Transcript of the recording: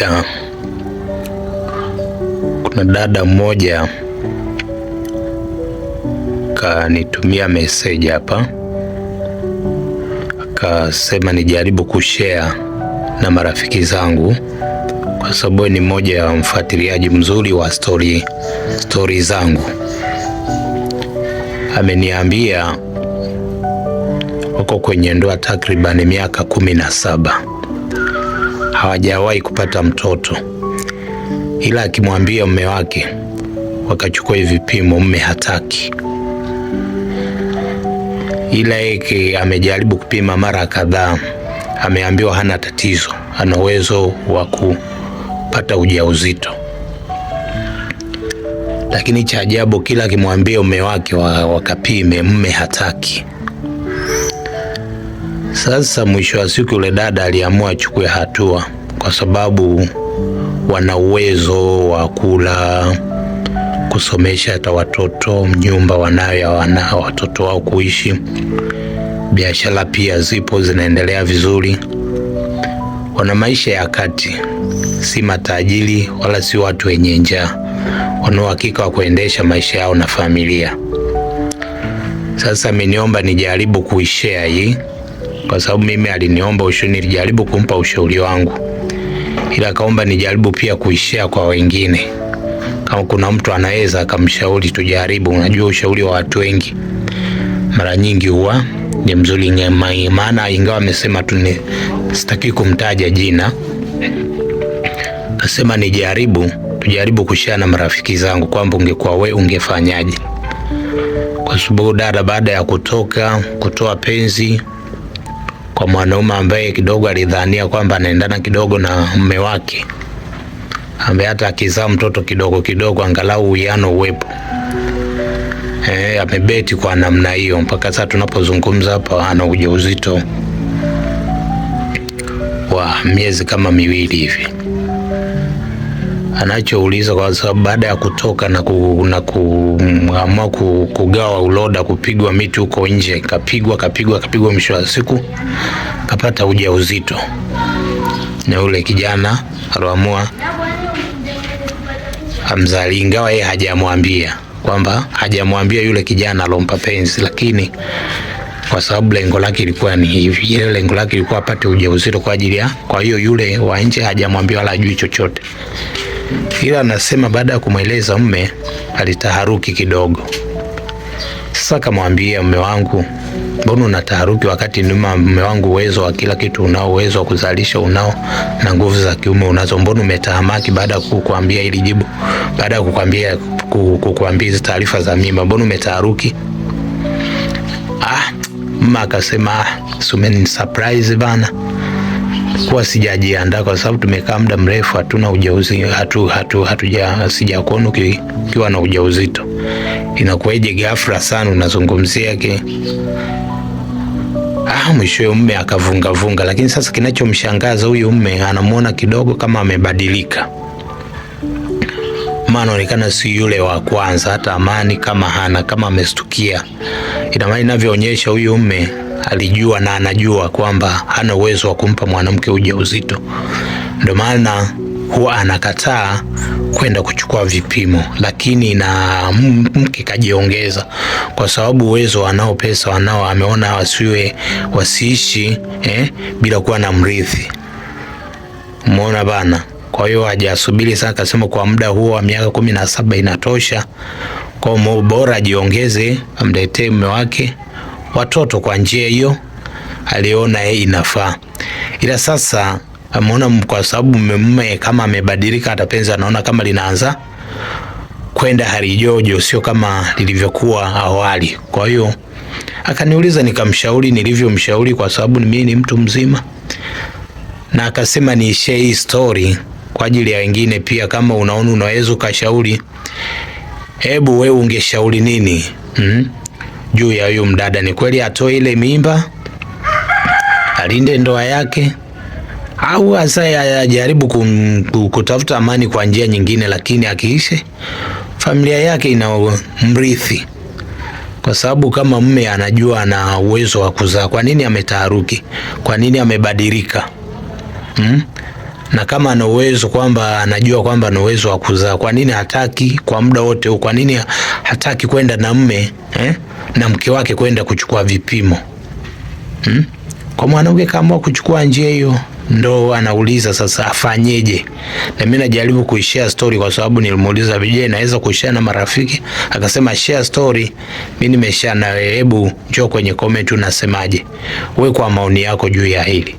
moja kuna dada mmoja akanitumia meseji hapa, akasema nijaribu kushare na marafiki zangu, kwa sababu ni mmoja ya mfuatiliaji mzuri wa story, stori zangu. Ameniambia wako kwenye ndoa takribani miaka kumi na saba hawajawahi kupata mtoto, ila akimwambia mume wake wakachukua vipimo, mume hataki, ila yeye amejaribu kupima mara kadhaa, ameambiwa hana tatizo, ana uwezo wa kupata ujauzito. Lakini cha ajabu, kila akimwambia mume wake wakapime, mume hataki. Sasa mwisho wa siku yule dada aliamua achukue hatua, kwa sababu wana uwezo wa kula, kusomesha hata watoto, nyumba wanayo wana watoto wao kuishi, biashara pia zipo zinaendelea vizuri, wana maisha ya kati, si matajiri wala si watu wenye njaa, wana uhakika wa kuendesha maisha yao na familia. Sasa ameniomba nijaribu kuishare hii kwa sababu mimi aliniomba ushauri, nilijaribu kumpa ushauri wangu, ila akaomba nijaribu pia kuishia kwa wengine, kama kuna mtu anaweza akamshauri tujaribu. Unajua ushauri wa watu wengi mara nyingi huwa ni mzuri, maana ingawa amesema tu sitaki kumtaja jina, asema nijaribu, tujaribu kushia na marafiki zangu kwamba ungekuwa we ungefanyaje, kwa sababu dada baada ya kutoka kutoa penzi kwa mwanaume ambaye kidogo alidhania kwamba anaendana kidogo na mume wake, ambaye hata akizaa mtoto kidogo kidogo angalau uwiano uwepo. E, amebeti kwa namna hiyo mpaka sasa tunapozungumza hapa ana ujauzito wa miezi kama miwili hivi anachouliza kwa sababu baada ya kutoka na kuamua ku, kugawa uloda kupigwa miti huko nje, kapigwa kapigwa kapigwa, mwisho wa siku kapata ujauzito, na yule kijana aliamua amzali, ingawa yeye hajamwambia kwamba hajamwambia yule kijana alompa penzi, lakini kwa sababu lengo lake ilikuwa ni hivi, ile lengo lake ilikuwa apate ujauzito kwa ajili ya, kwa hiyo yule wa nje hajamwambia wala ajui chochote ila anasema baada ya kumweleza mme alitaharuki kidogo. Sasa akamwambia, mme wangu, mbona unataharuki wakati nyuma mme wangu uwezo wa kila kitu unao, uwezo wa kuzalisha unao, na nguvu za kiume unazo, mbona umetahamaki baada ya kukuambia hili jibu, baada ya kukuambia kukuambia hizi taarifa za mimba, mbona umetaharuki? Ah, mama akasema, ah, sumeni surprise bana kuwa sijajiandaa kwa sababu tumekaa muda mrefu, hatuna ujauzito, hatu, hatu, hatuja sijakuona ukiwa na ujauzito. Inakuwaje ghafla sana unazungumzia ke Ah, mwishowe mme akavungavunga, lakini sasa kinachomshangaza huyu mme anamwona kidogo kama amebadilika, maana anaonekana si yule wa kwanza, hata amani kama hana, kama amestukia. inamaana inavyoonyesha huyu mme alijua na anajua kwamba hana uwezo wa kumpa mwanamke ujauzito, ndio maana huwa anakataa kwenda kuchukua vipimo, lakini na mke kajiongeza, kwa sababu uwezo wanao, pesa wanao, ameona wasiwe wasiishi eh, bila kuwa na mrithi. Umeona bana. Kwa hiyo hajasubiri sana, akasema kwa muda huo wa miaka kumi na saba inatosha, kwa bora ajiongeze, amletee mume wake watoto kwa njia hiyo aliona yeye inafaa, ila sasa ameona kwa sababu mume kama amebadilika, hata penzi anaona kama linaanza kwenda harijojo, sio kama lilivyokuwa awali. Kwa hiyo akaniuliza, nikamshauri nilivyomshauri, kwa sababu mimi ni mtu mzima, na akasema niishie hii story kwa ajili ya wengine pia. Kama unaona unaweza ukashauri, hebu wewe ungeshauri nini? mm -hmm juu ya huyu mdada. Ni kweli atoe ile mimba alinde ndoa yake, au hasa ajaribu kutafuta amani kwa njia nyingine, lakini akiishe familia yake ina mrithi, kwa sababu kama mme anajua ana uwezo wa kuzaa, kwa nini ametaharuki? Kwa nini amebadilika? hmm? na kama ana uwezo kwamba anajua kwamba ana uwezo wa kuzaa, kwa nini hataki kwa muda wote huu? Kwa nini hataki kwenda na mme eh? na mke wake kwenda kuchukua vipimo hmm? Kwa mwanamke kaamua kuchukua njia hiyo, ndo anauliza sasa afanyeje? Na mimi najaribu kuishare story, kwa sababu nilimuuliza vijana, naweza kuishare na marafiki? Akasema share story, mimi nimeshare na wewe, hebu njoo kwenye comment unasemaje wewe kwa maoni yako juu ya hili.